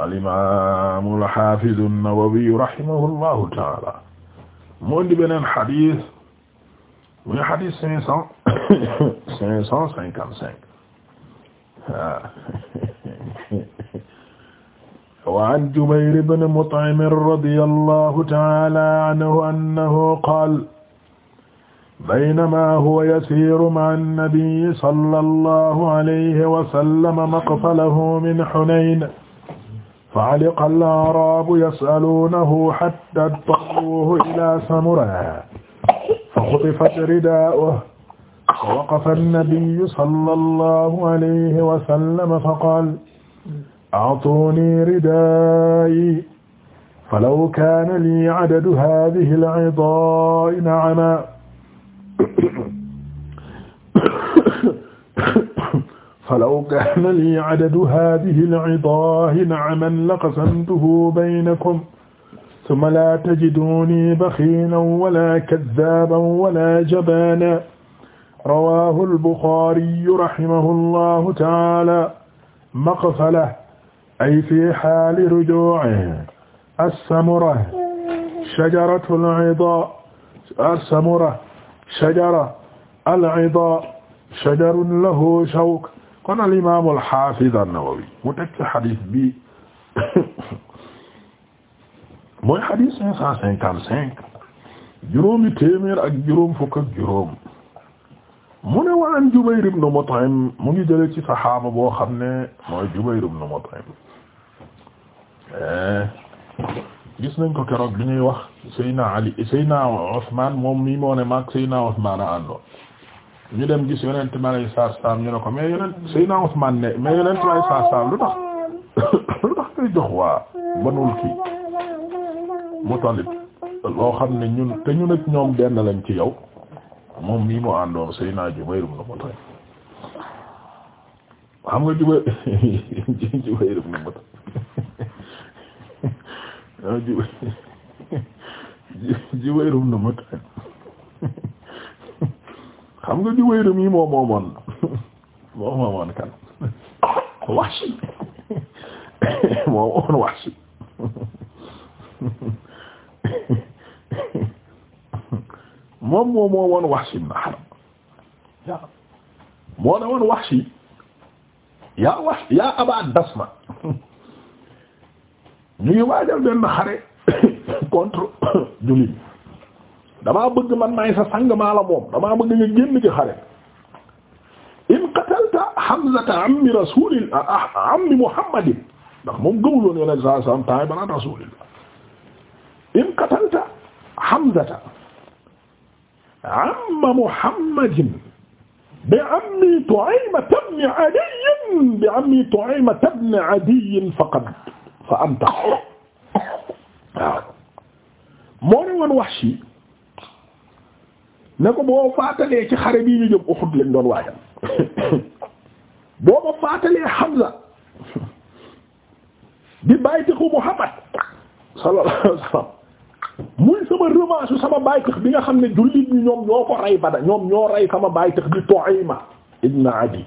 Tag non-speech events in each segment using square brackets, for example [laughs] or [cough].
al-imaam al-haafiz an-Nawawi rahimahullahu ta'aala moo di beneen xadis muy xadis cinq cent [coughs] cinq cent cinquante cinq wa an Jubayr ibn Mut'im radiyallahu ta'aala anhu annahu qaala baynamaa huwa yasiiru ma'a an-nabiyyi sallallahu alayhi wa sallam maqfalahu min Hunayn فعلق الأعراب يسألونه حتى اضطروه إلى سمرة فخطفت رداؤه فوقف النبي صلى الله عليه وسلم فقال أعطوني ردائي فلو كان لي عدد هذه العظاء نعما falaw kaana lii adadu haadihi al-idaahi na'aman laqasamtuhu baynakum summa laa tajiduunii baxiilan wala kazzaaban wala jabaanan rawaahu al-Buxaari rahimahullaahu ta'aalaa maqfala ay fii haali rujuu'i as-samura shajaratul idaa as-samura shajara al-idaa shajarun lahu shawk kon al imaam al xaafiz an-Nawawi mu teg ci xadis bi mooy xadis cinq cent cinq juróomi téeméer ak juróom fukk ak juróom mu ne wa an Jubayr ibn Mut'im mu ngi jëlee ci saxaaba boo xam ne mooy Jubayr ibn Mut'im eh, gis nañ ko keroog li ñuy wax Seyna Ali ñu dem gis yonent mi alayhi salaatu ñu ne ko mais yonent Seydina Usmaan ne mais yonent mi alayhi salaatu salaam lu tax [coughs] lu tax koy jox waa banul kii Mutalib loo xam ne ñun te ñun ak ñoom benn lañ ci yow moom mii mu àndoon Seydina Jubayr ibn Mut'im xam nga Jubayr [laughs] Jubayr ibn [laughs] [laughs] xam nga Juwayr mi moo moomoon [laughs] moo moomoon kan Wahshi [laughs] moo moomoon Wahshi [laughs] moom moo moomoon Wahshi na Harb yaa moo yaa Wahshi yaa Aba Dasma ñu ngi waajal benn xare [coughs] contre [coughs] jullit damaa bëgg man maay sa sang maa la moom damaa bëgg nga génn ci xare in qatalta Hamzata ammi rasulillah ah, ammi Muhammadin ndax moom gëmul woon yonent sallallahu alayhi wasallam taay balaa rasulillah in qatalta Hamzata amma Muhammadin bi ammi Tu'ayma ibn Adiy bi ammi Tu'ayma ibn Adiy faqad fa anta waaw moo ne woon Wahshi ne ko boo faatalee ci xare bii ñu jëm Uhud lañ doon waajal [coughs] boo ma faatalee Hamza [coughs] di bàyyitixu Muhammad sallallahu alayhi muy sama revanche sama bàyyitix bi nga xam ne jullit ñi ñoom ñoo ko rey bada ñoom ñoo rey sama bàyyitix di Tu'ayma ibn Adi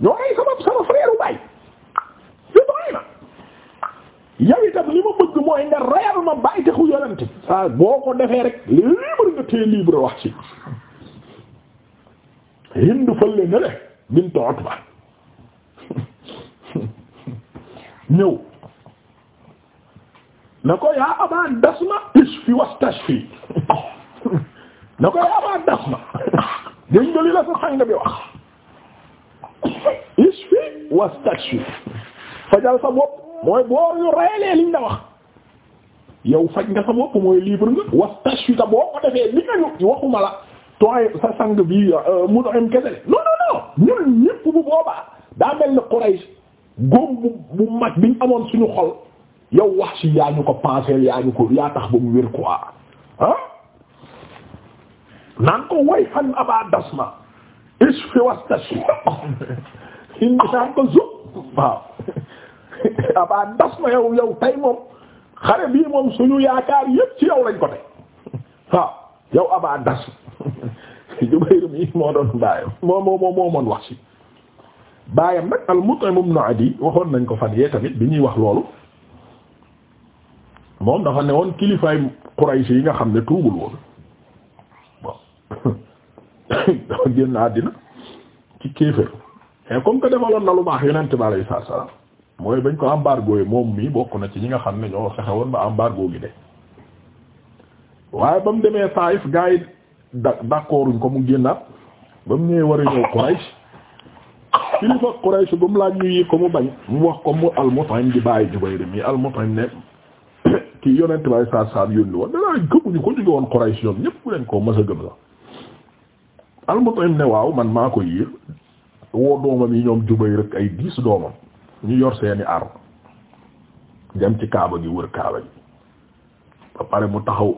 ñoo rey sama sama frère baay yow li ma bëgg mooy nga reyal ma bàyyi taxu yonent boo ko defee rek libre nga tee libre wax ci Hind fële na le bint Utba [laughs] ñëw na ko yaa Aba Dasma ishfi wastashfi [laughs] na ko yaa Aba Dasma [laughs] dañ joli la sa bi wax ishfi wastashfi fajal sa bopp mooy boo ñu reyalee liñ la wax yow faj nga sa bopp mooy libre nga wastashfita boo ko defee li nga ñu waxuma la tooy sa sang bi euh, mu am kesele non non non ñëpp bu boobaa daa mel ni Quraysh góom bu mag biñ amoon suñu xol yow wax si yaa ñu ko penseel yaa ñu ko yaa tax ba mu wér quoi ah naan ko way fan aba dasma isfi wastashfi [laughs] naan ko zub waaw abaa das na yow yow tey moom xare bii moom suñu yaakaar yépp ci yow lañ ko teg waaw yow abaa das [laughs] Jubayr mi moo doon baayam moo moo moo moo moon wax ci baayam nag al-Mut'im ibn Adi waxoon nañ ko fan yee tamit bi ñuy wax loolu moom dafa ne woon kilifaay Quraysh yi nga xam ne tuubul woon bon [coughs] dafa génn àddina ci kéefër mais comme que defaloon na lu baax yonent bi alayhi salaam mooy bañ ko embargo yi moom mii bokk na ci ñi nga xam ne ñoo fexe woon ba embargo gi de waaye ba mu demee Taif gaa yi da- d'accorduñ ko mu génnaat ba mu ñëwee war a ñëw Quraysh kilifa ba mu laaj ñu yi ko mu bañ mu wax ko mu al-Mut'im di bàyyi Jubayr mi al-Mut'im ne [coughs] ki yonent baay saab saab yónni woon danaa gëmuñu ko jóge woon Quraysh ñoom ñépp leen ko mës a gëm la al ne waaw man maa ko yiir woo doomam yi ñoom Jubayr rek ay diis doomam ñu yor seeni arme dem ci kaaba gi wër kaaba gi ba pare mu taxaw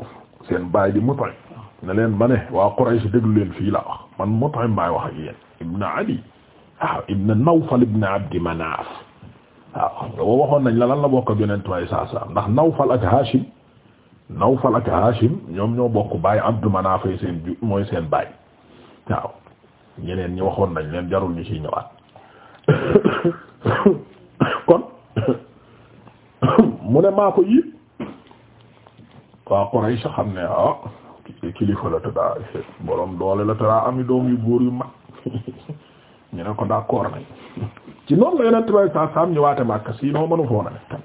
seen baay di Mut'im ne leen ma ne waa Quraysh déglu leen fii la wax man Mut'im baay wax ak yéen ibn Ali waaw ibn Nawfal ibn Abdi Manaaf waaw nga waxoon nañ la lan la bokk ak yonent way saa saa ndax Nawfal ak Hashim Nawfal ak Hashim ñoom ñoo bokk baay Abdu Manaaf seen mooy seen baay waaw ñeneen ñi waxoon nañ leen jarul ñu ciy ñëwaat kon mu ne maa ko yii waa Quraysh xam ne ah kilifa la te daa borom doole la te daa am doom yu góor yu mag ñu ne ko d'accord nañ ci noonu la yonent bay saa saam ñëwaate Makka si noo mënu foona ne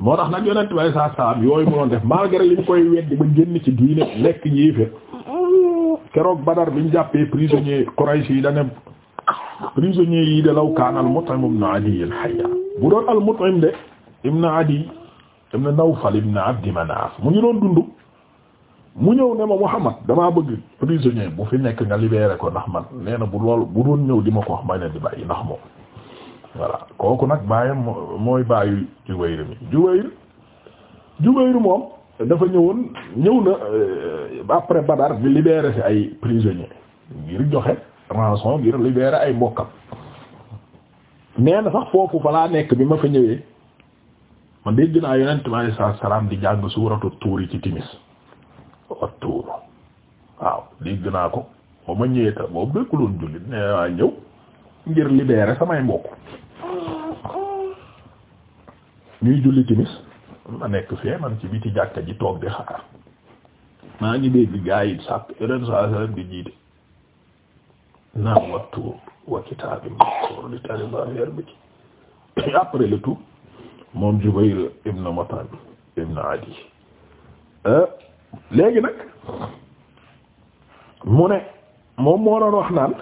moo tax nag yonent bay saa saam yooyu mu doon def malgré li koy weddi ba génn ci diine nekk yéeféer keroog Badar bi ñu jàppee prisonnier Quraysh yi da prisonniers yi de law kaan al Mut'im ibn Adiy hayya bu doon al Mut'im de ibn Adiy ibn Nawfal ibn Abd Manaf mu ngi doon dund mu ñëw ne ma Muhammad damaa bëgg prisonnier bu fi nekk nga libéré ko ndax man nee na bu lool bu doon ñëw di ma ko wax may ne di bàyyi ndax moom voilà kooku nag bàyyam mooy bàyyi Jubayr mi Jubayr Jubayr moom dafa ñëwoon ñëw na euh, après Badar bi libéré si ay prisonnier ngir joxe rançon ngir libérer ay mbokkam nee sax foofu balaa nekk bi ma fa ñëwee ma dégg naa yonent bi alayhi di jàng suuratu tuuri ci timis wat tuur waaw dégg naa ko ba ma ñëwee ta boobu bekkuloon jullit ne ñëw ngir libérer samay mbokk ñuy julli timis ma nekk fee man ci biti jàkka ji toog di xaar maa ngi dégg gaa yi sàpp yonent bi di jiite naan wa tuur wa kitaabin li tariba affaire bi ci [coughs] moom Jubayr ibn Matan ibn Adi euh, léegi nag mu ne moom moo doon wax naan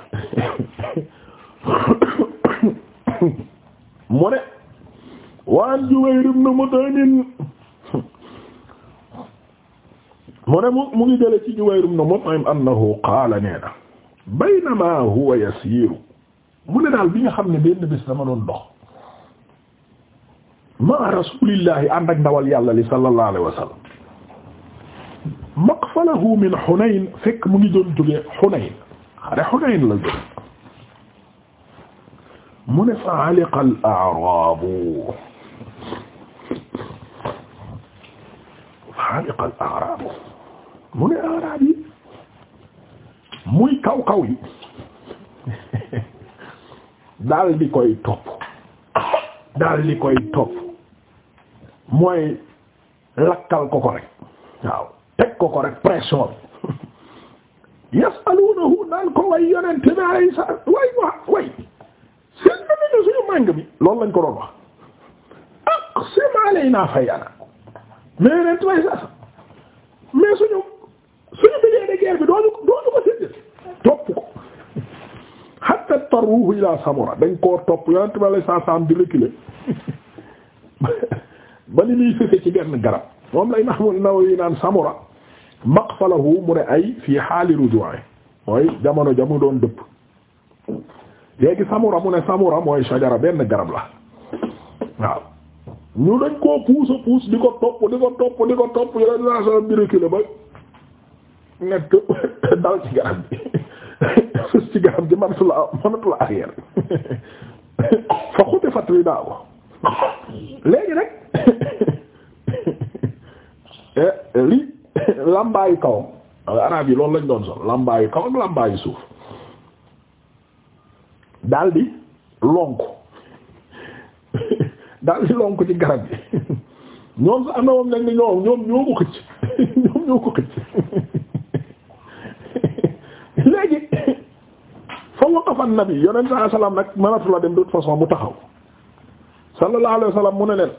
[coughs] mu ne waan Jubayr ibn Mutanin mu ne mu mu ngi jële ci Jubayr ibn Mutanim annahu qaala nee na baynama huwa yasiru mu ne daal bi nga xam ne benn bés dama doon dox ma rasulillahi ànd ak ndawal yàlla li sallallahu alayhi wa sallam maqfalahu min Hunayn fekk mu ngi doon jógee Hunayn xare Hunayn la jóge mu ne fa aliqa al a'rabu fa aliqa al a'rabu mu ne arab yi muy kaw kaw yi daal di koy topp daal di koy topp mooy lakkal ko ko rek waaw teg ko ko rek pression bi yasaluunahu naan ko way yonente bi alayhi salaam way wa way seen na nañu suñu màng bi loolu lañ ko doon wax aqsim alayna fayana mais yonent way sax mais suñu suñu budget de guerre bi dooñu dooñu ko topp ko hatta taruhu ila samura dañ koo topp yonent bi saa saam di lëkkale [laughs] ba ni muy sëfe ci benn garab moom la imaam an-Nawawi naan samura maqfalahu mu ne ay fii xaali rujuwaay mooy jamono jamu doon dëpp léegi samura mu ne samura mooy sajara benn garab la waaw ñu dañ koo puus puus di ko topp di ko topp di ko topp yonent bi saam di lëkkale ba nekk [laughs] dal ci garab bi ci garab gi mënatu la mënatu la arrière fa xuti fat wi daaw léegi rek lambaayu kaw araab yi loolu lañ doon sol lambaayu kaw ak lambaayu suuf daldi lonku daldi lonku ci garab gi ñoom sa am na moom nag ni ñoom ñoom ñoo ko xëcc [laughs] ñoom ñoo ko xëcc annabi yonent saa salaam nag mënatu dem de façon bu taxaw sallallahu alayhi mu ne leen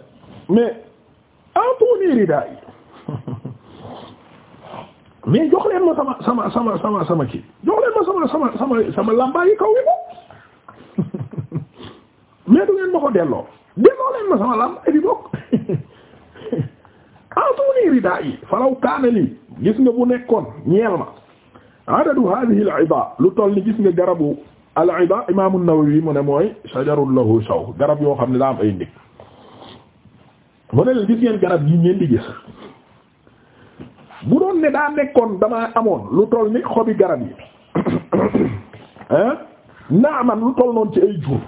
mais atuni ridaa yi [laughs] mais jox leen ma sama sama sama sama sama kii jox leen ma sama sama sama sama làmbaay yi kaw yi bokk [laughs] mais du ngeen ma ko delloo delloo leen ma sama làmbaay yi bokk [laughs] atuni ridaa yi falaw kaana lii gis nga bu nekkoon ñeel ma adadu hadhihi al lu toll ni gis nga garabu al-iba imaamu Nawawi mu ne mooy shajarun lahu shaw garab yoo xam ne daa am ay ndig mu ne leen gis ngeen garab yi ngeen di gis bu doon ne daa nekkoon damaa amoon lu toll ni xobi garab yi ah [coughs] naa man lu toll noonu ci ay jur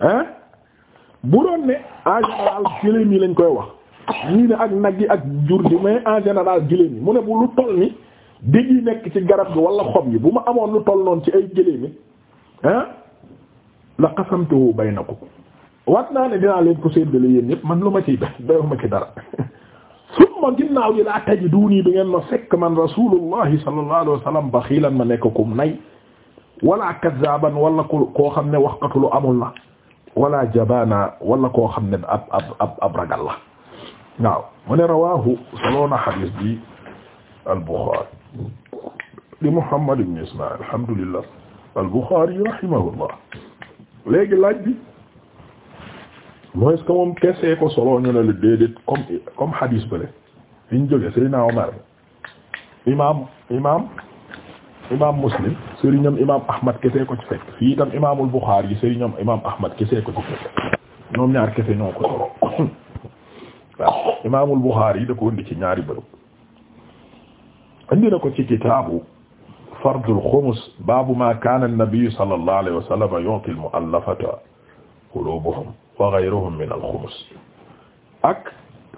ah bu doon ne en général gëléem yi lañ koy wax ñii ne ak nag yi ak jur ji mai en général gëléem yi mu ne bu lu toll ni digg yi nekk ci garab gi wala xob yi bu ma amoon lu toll noonu ci ay gëléem yi ah la qasamtuhu baynakum waat naa ne dinaa leen ko séddale yéen ñëpp man lu ma ciy def doyoo ma ci dara summa ginnaaw gi laa tajiduunii du ngeen ma fekk man rasulullahi sallallahu alayhi wa sallam baxiilan ma nekk kum nay wala kazzaaban wala ku koo xam ne waxkatu lu amul la wala jabaana wala koo xam ne ab ab ab ragal la waaw mu ne rawaahu soloona xadiis bi. al-Bukhari di Muhammad ibn Ismaïl alhamdulillah al-Bukhari rahimahullah léegi laaj bi mooy est-ce que moom kese ko solo ñu ne la déedéet comme comme hadis bële fi ñu jógee Seydina Omar imaam imaam imaam Muslim sëriñam imaam Ahmad kese ko ci fekk fii itam imaamul Bukhari sëriñam imaam Ahmad kese ko ci fekk ñoom ñaar kese ñoo ko solo [coughs] waaw imaamul Bukhari da ko indi ci ñaari bërëb. indi na ko ci kitaabu fardul xumus baabu ma kaana an-nabiyyu sallallahu alayhi wa sallam yu'ti al-mu'allafata qulubuhum wa ghayruhum min al-xumus ak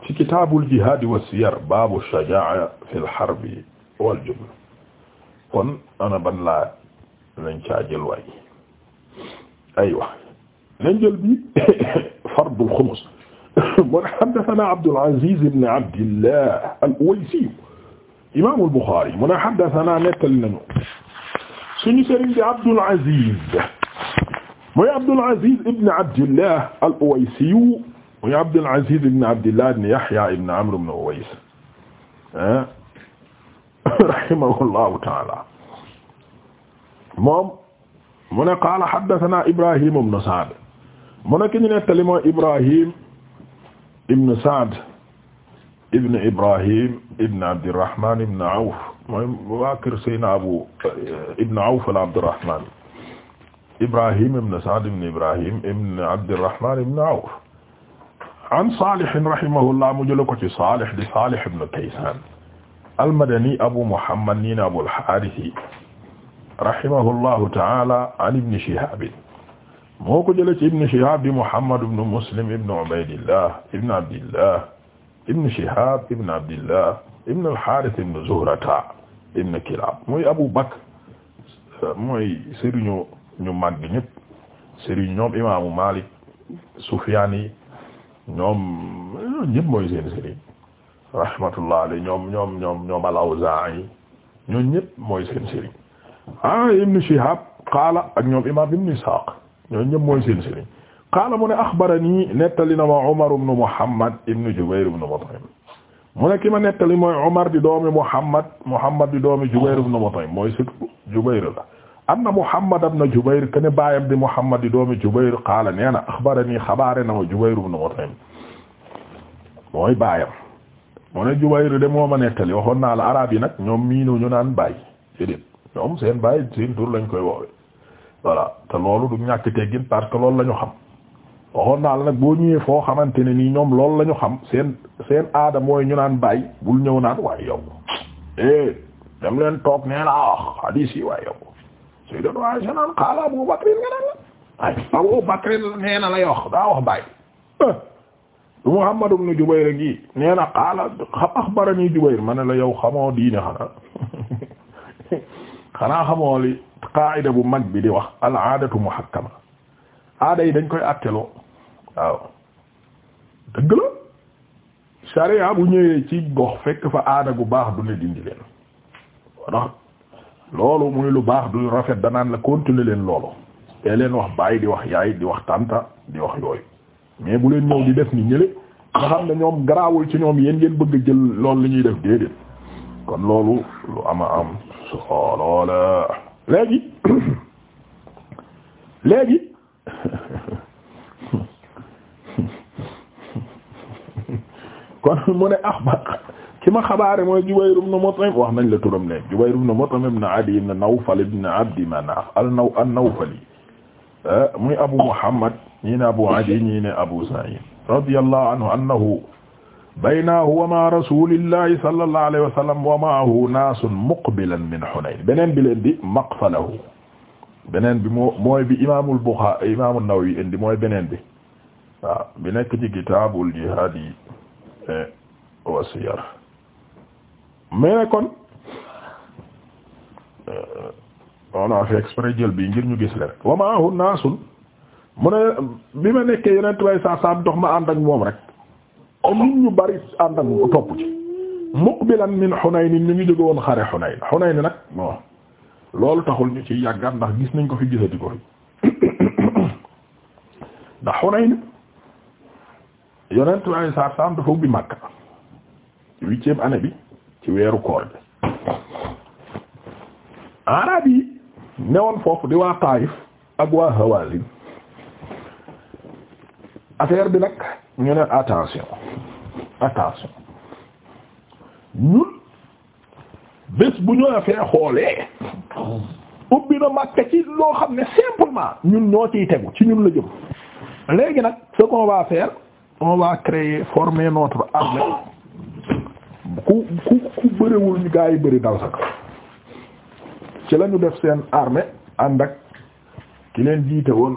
ci kitaabul jihaad wa siyar baabu shajaa'a fil harbi wal jubn kon ana ban laa lañ caa jël waay aywa lañ jël bi [coughs] fardul xumus [coughs] mun haddathanaa Abdul Aziz ibn Abdillah al-Uwaysi imaamul Buxaari mu ne haddasanaa nettali nañu suñu sëriñ bi Abdul Aziz mooy Abdul Aziz ibn Abdillah al-Uwaysiyu mooy Abdul Aziz ibn Abdillah ibn Yahya ibn Amr ibn Uways ah rahimahullahu ta'ala moom mu ne qaala haddasanaa Ibrahim ibn Sa'd mu ne ki ñu nettali mooy Ibrahim ibn Sa'd ibn Ibrahim ibn Abdirahman ibn Awf mooy waa kër Seyna Abu ibn Awf al Abdirahman Ibrahim ibn Sa'd ibn Ibrahim ibn Abdirahman ibn Awf an Salih rahimahullah mu jël ko ci Salih di Salih ibn Kaysan al-Madani Abu Muhammad nii na Abul Harith rahimahullahu ta'ala an ibn Shihab moo ko jëlee ci ibn Shihab di Muhammad ibn Muslim ibn Ubaydillah ibn Abdillah ibn Shihab ibn Abdillah ibn al ibn Zuhrata ibn Kilab muy Abu Bakr mooy sëriñu ñu mag ñëpp sëriñ ñoom imaamu Malik Sufyan yi ñoom ñëpp mooy seen sëriñ rahmatullah alayhi ñoom ñoom ñoom ñoom mooy seen sëriñ ah ibn Shihab qaala ak ñoom imaam ibn Ishaq ñoom ñëpp mooy seen sëriñ qaala mu ne axbarani nettali na ma Umar ibn Muhammad ibn Jubayr ibn Mut'im mu ne ki ma nettali mooy Umar di doomi Muhammad Muhammad di doomi Jubayr ibn Mut'im mooy surtout Jubayr la anna Muhammad ibn Jubayr ken baayam di Muhammad di doomi Jubayr qaala nee na axbarani xabaare na ma Jubayr ibn Mut'im mooy baayam mu ne Jubayr de moo nettali waxoon naa la araab yi nag ñoom miinu ñu naan baay déedéet ñoom seen baay seen tur lañ koy woowe voilà loolu du ñàkk teggin parce waxoon naa la nag boo ñëwee foo xamante ne nii ñoom loolu la ñu xam seen seen aada mooy ñu naan baay bul ñëw naan waaye yow eh dem leen toog nee naa wax ah, hadis yi waaye yow Seydou waaye sa ay Abu Bakr eh, xaala axbarani Jubayr ma la yow xamoo diine xanaa [laughs] xanaa xamoo li qaida bu mag bi di wax al aadatu muhakkama aada yi dañ koy atteloo waaw dëgg la sariya bu ñëwee ci gox fekk fa aada gu baax du ne dindi leen ndax loolu muy lu baax du rafet danaan la continuer leen loolu te leen wax baay di wax yaay di wax tànta di wax yooyu mais bu leen ñëw di def ni ñële nga xam ne ñoom garaawul ci ñoom yéen ngeen bëgg a jël loolu li ñuy def déedéet kon loolu lu ama am solo la léegi [coughs] léegi kon [laughs] mu ne axbar ki ma xabaare mooy Jubayr ibn Mut'im wax nañ la turam ne Jubayr ibn Mut'im ibn Adi ibn Nawfal ibn Abdi Manaf al-Naw an-Nawfali eh, muy Abu Muhammad ñii ne Abu Adi ñii ne Abu Sa'id radiyallahu anhu annahu bayna huwa ma rasulillahi sallallahu alayhi wa sallam wa ma'ahu naasun muqbilan min Hunayn beneen bi leen di maqfalahu beneen bi moo mooy bi imaamul Bukhari imaamul Nawawi indi mooy beneen bi waaw bi nekk ci kitaabul jihaad yi wa yar mais ne kon euh, on a fait jël bi ngir ñu gis le rek wa maahu naasun mu ne bi ma nekkee yonent way saa saam dox ma ànd ak moom rek nit ñu bari ànd ak moom topp ci muqbilan min Hunayn ñu ngi jóge woon xare Hunayn Hunayn nag bon loolu taxul ñu ci yàggaat ndax gis nañ ko fi gisati ko fi [coughs] ndax Hunayn yonent ay saar saam dafa ubbi Makka huitième année bi ci weeru koor bi araab yi newoon foofu di waa Taayif ak waa Hawazin affaire bi nag ñu ne attention attention ñun bés bu ñu affaire xoolee ubbi na Makka ci loo xam ne simplement ñun ñoo ciy tegu ci ñun la jëm léegi nag ce qu'on va faire on va créer former notre armée ku ku ku bëriwul ñu gaa yi bëri dal sa ci lañu def seen armée ànd ak ki leen jiite woon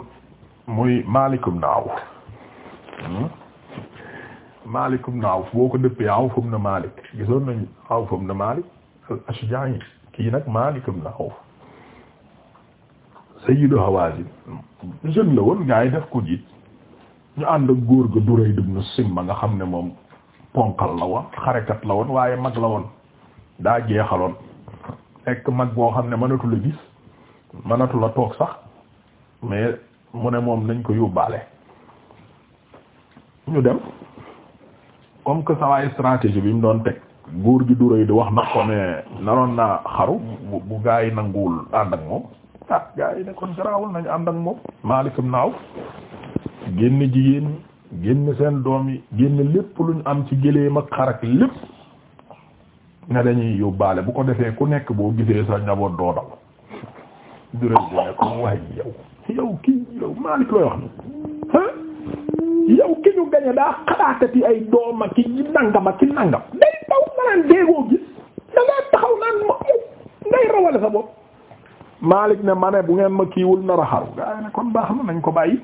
muy maalikum na awuf maalikum hmm? na awuf boo ko dëppee awufum na maalik gisoon nañu awufum na maalik al ashja'i kii nag maalikum na awuf sayyidu hawazin jeune la woon gaa yi def ko jiit ñu ànd ak góor ga duray dum na simma nga xam ne moom ponkal la woon xarekat la woon waaye mag la woon daa jeexaloon nekk mag boo xam ne mënatu la gis mënatu la toog sax mais mu ne moom nañ ko yóbbaale ñu dem comme que sa waay stratégie bi mu doon teg góor gi duray di wax na ko ne naroon naa xaru bu gaa yi nanguwul ànd ak moom ah gaa ne kon garaawul nañu ànd ak moom Maalik ibn Awf génn jigéen ñi génn seen doom yi génn lépp luñ am ci gëléem ak xar ak lépp nga dañuy yóbbaale bu ko defee ku nekk boo gisee sa boot doo dal durée bi ne ko waaye yow yow kii yow Malik looy wax ni yow ki ñu gañe daa xalaatati ay dooma ki nangama ki nangam day taw nga naan déegoo gis da taxaw naan ma yow ngay rawale sa bopp Malik ne ma bu ngeen ma kiiwul nar a xaru gaa ne kon baax na nañ ko bàyyi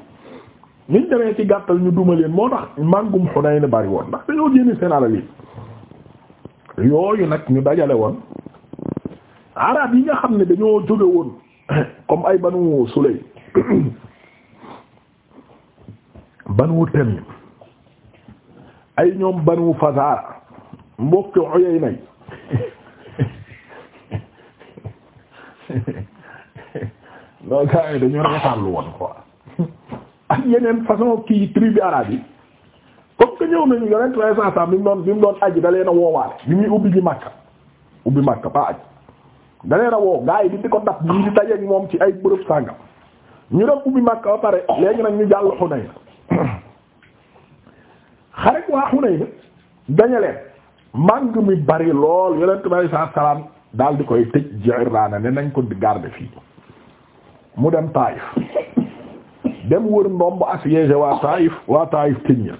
niñ demee ci gàttal ñu duma leen moo tax màngum Hunayn bari woon ndax dañoo génne seen alal yi yooyu nag ñu dajale woon arab yi nga xam ne dañoo jóge woon [coughs] comme ay banu Sulay [coughs] banu Tamim ay ñoom banu Fazara mbokk oyey nay [laughs] non gars yi dañu reetaan lu woon quoi yeneen façon kii tribu arabe yi comme que ñëw nañu yeneen trois cent cent bi mu doon bi mu doon aji da leen a woowaale bi muy ubbi ji Makka ubbi Makka ba aj da a woo gaa yi di di ko dab moom ci ay bërëb sàngam ñu dem ubbi Makka ba léegi nag ñu jàll Xunayna xarek waa Xunayna dañu leen bari lool yonent bi daal di koy tëj Ji'irraana nañ ko garder fii mu dem Taayif dem wër ndomb assiégé waa Taïf waa Taïf Kenya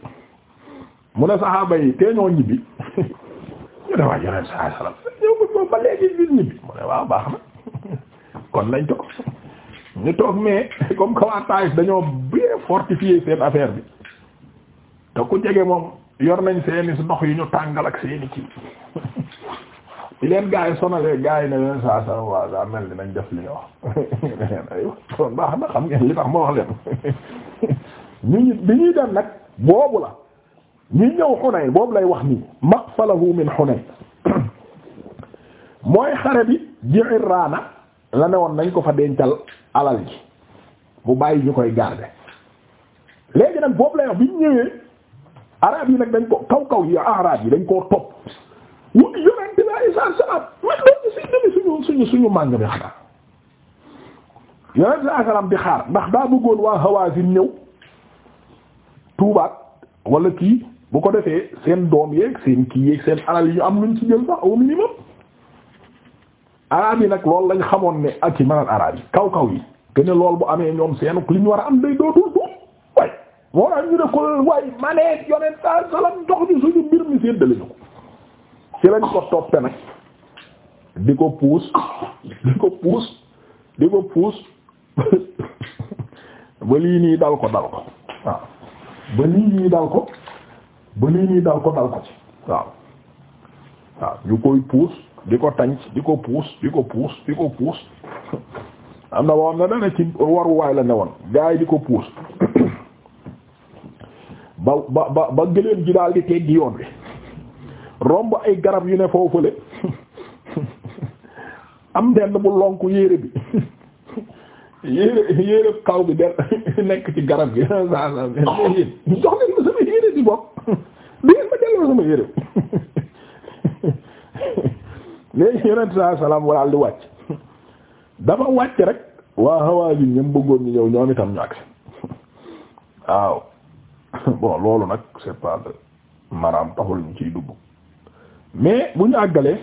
mu ne saxaaba yi tee ñoo ñibbi [laughs] ñu ne waa yeneen saa salaam ñoo ko ñoo ba léegi ñu ñibbi mu ne waaw baax na [laughs] kon lañ toog ñu toog mais [laughs] comme que waa Taïf dañoo bien fortifié seen affaire bi te ku jege moom yor nañ seeni ndox yu ñu tàngal ak seeni kii. bi leen gaa yi sonalee gaa yi ne leen saa saa waaw daa mel ni nañ def li nga wax [laughs] aywa baax na xam ngeen li tax ma wax leen ñu [laughs] ñu bi ñuy dem nag boobu la ñu ñëw Hunayn boobu lay wax nii maqfalahu min Hunayn [coughs] mooy xare bi Ji'irraana la ne woon nañ ko fa dencal alal ji mu bàyyi ñu koy garder léegi nag boobu lay wax bi ñu ñëwee arab yi nag dañ ko kaw kaw yi arab yi dañ koo topp alayhi salaam mais doo si dëgg suñu suñu suñu màng bi xanaa yonent bi saa salaam di xaar ndax daa bëggoon waa Hawaazin ñëw tuubaat wala kii bu ko defee seen doom yeeg seen kii yeeg seen alal yi ñu am luñ ci jël sax au minimum nag loolu lañ xamoon ne ak ci manal araab yi kaw kaw yi te ne loolu bu amee ñoom seen li ñu war a am day mi ko waaye manee yonent saa salaam jox suñu mbir mi séddale ñu ko ci lañ ko toppe nag di ko puus di ko puus di ko puus ba lii nii dal ko dal ko waaw ba lii nii dal ko ba lii nii dal ko dal ko waaw waaw ñu koy puus di ko tànc di ko puus di ko puus di ko puus am na woon na dana ci waruwaay la ne woon gaa di ko puus [coughs] ba ba ba ba gëléem ji daal teggi yoon wi romb ay garab yu ne foofule [laughs] am benn bu lonk yére bi [laughs] yére yére kaw bi del [laughs] nekk ci garab gi saa saa yéen jox leen ma sama yére bi bopp du ngeen ma delloo sama yére léegi yonent saa salaam walaal di wàcc dafa wàcc rek waa Hawaazin ñoom bëggoon ñu ñëw ñoom itam ñu agsi waaw bon loolu nag c'est pas maraam taxul ñu ciy dugg mais bu ñu àggalee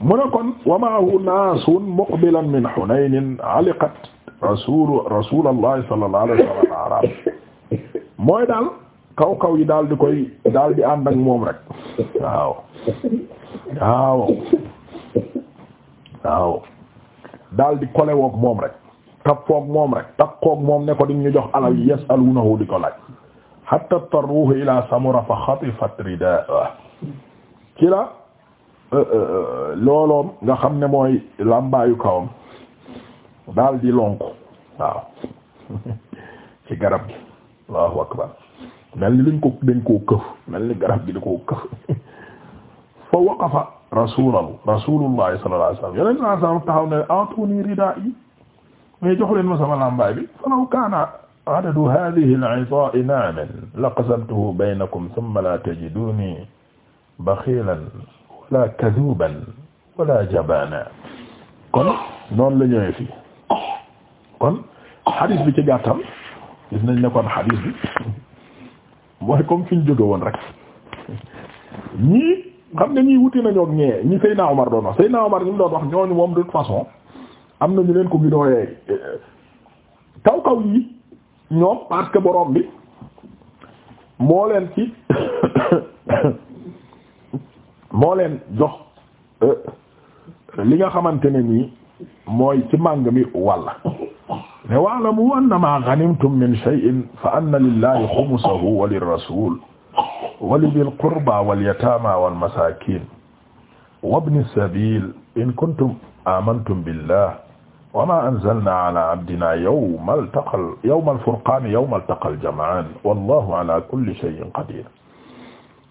mu ne kon wa ma'ahu naasun muqbilan min Hunaynin aliqat rasul rasulullah sallallahu alayhi wa sallam mooy daal kaw kaw yi daal di koy daal di ànd ak moom rek waaw waaw waaw daal di kole woog moom rek tappoog moom rek tappoog moom ne ko di ñu jox alal yi yas'alunahu di ko laaj hatta tarruhu ila samura fa khatifat ridaa ci la euh, euh, euh, looloom nga xam ne mooy làmbaayu kawam daal di lonk waaw [laughs] ci garab gi allahu akbar mel ni luñ ko dañ koo këf mel ni garab gi da koo këf [laughs] fa waqafa rasulallah rasulullahi sallallahu alayhi wasallam yeneen saa saa taxaw ne atuni ridaa'i mais jox leen ma sama làmbaay bi falaw kaana adadu hadhihi al-'itaa'i na'man laqasamtuhu baynakum thumma la tajiduni baxilan wala kaduban wala jabana kon noonu la ñëwee fii kon xadis bi ci gàttal gis nañ ne kon xadis bi mooy comme fi ñu jóge woon rek ñii xam nga ñii wuti nañoo ak ñee ñi Seyna Omar doon wax Seyna Omar ñu mu doon wax ñooñu moom de toute façon am na ñu leen ko ginooyee eh, kaw kaw yi ñoom parce borom bi moo leen ci [coughs] [coughs] moo leen jox euh, li nga xamante ne nii mooy ci màng mi walla ne wa'lamu anna ma ghanimtum min shay'in fa anna lillahi khumsahu wa lirrasul wa lidhil qurba wal yatama wal masakin wa ibni sabil in kuntum amantum billah wa ma anzalna ala abdina yawma altaqal yawma alfurqan yawma altaqal jam'an wallahu ala kulli shay'in qadir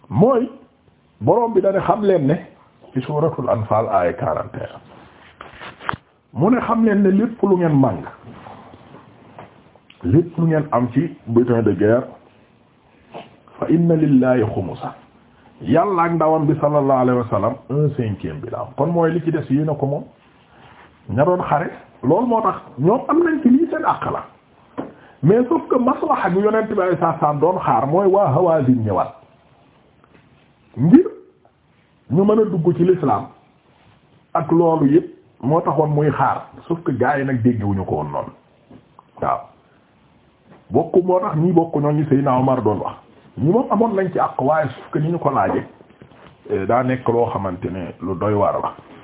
mooy borom bi dane xam leen ne ci suuratul anfaal aaya quarante et mu ne xam leen ne lépp lu ngeen màng lépp lu ngeen am ci butin de guerre fa inna lillahi xumusa yàlla ak ndawam bi sallallahu alayhi wa sallam un cinquième bi la kon mooy li ci des yéen a ko moom ña doon xare loolu moo tax ñoom am nañ ci lii seen àq la mais sauf que maslaxa gu yonent bi sallallahu alayhi wa sallam doon xaar mooy waa Hawazin ñëwaat ngir ñu mën a dugg ci l'islam ak loolu yëpp moo taxoon muy xaar sauf que gars yi nag dégguñu ko woon noonu waaw bokk moo tax ñi bokk ñoo ñu Seydina Omar doon wax ñi moom amoon lañ ci àq waaye sauf que ni ñu ko laaje eh, daa nekk loo xamante ne lu doy war la